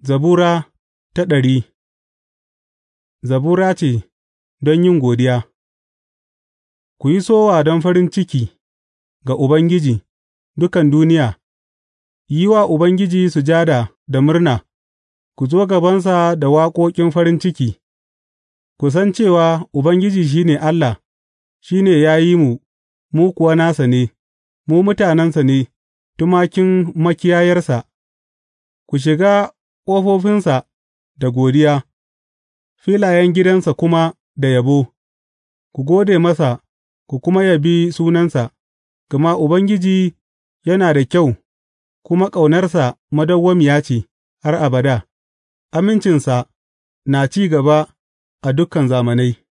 Zabura ta ɗari Zabura ce don yin godiya Ku yi sowa don farin ciki ga Ubangiji, dukan duniya; yi wa Ubangiji sujada da murna, ku zo gabansa da waƙoƙin farin ciki; ku san cewa Ubangiji shi ne Allah, shi ne ya yi mu, mu kuwa nasa ne, mu mutanensa ne, tumakin makiyayarsa. Ku shiga ƙofofinsa da godiya, filayen gidansa kuma da yabo; ku gode masa ku kuma yabi sunansa, gama Ubangiji yana da kyau kuma ƙaunarsa madawwamiya ce har abada, amincinsa na ci gaba a dukan zamanai.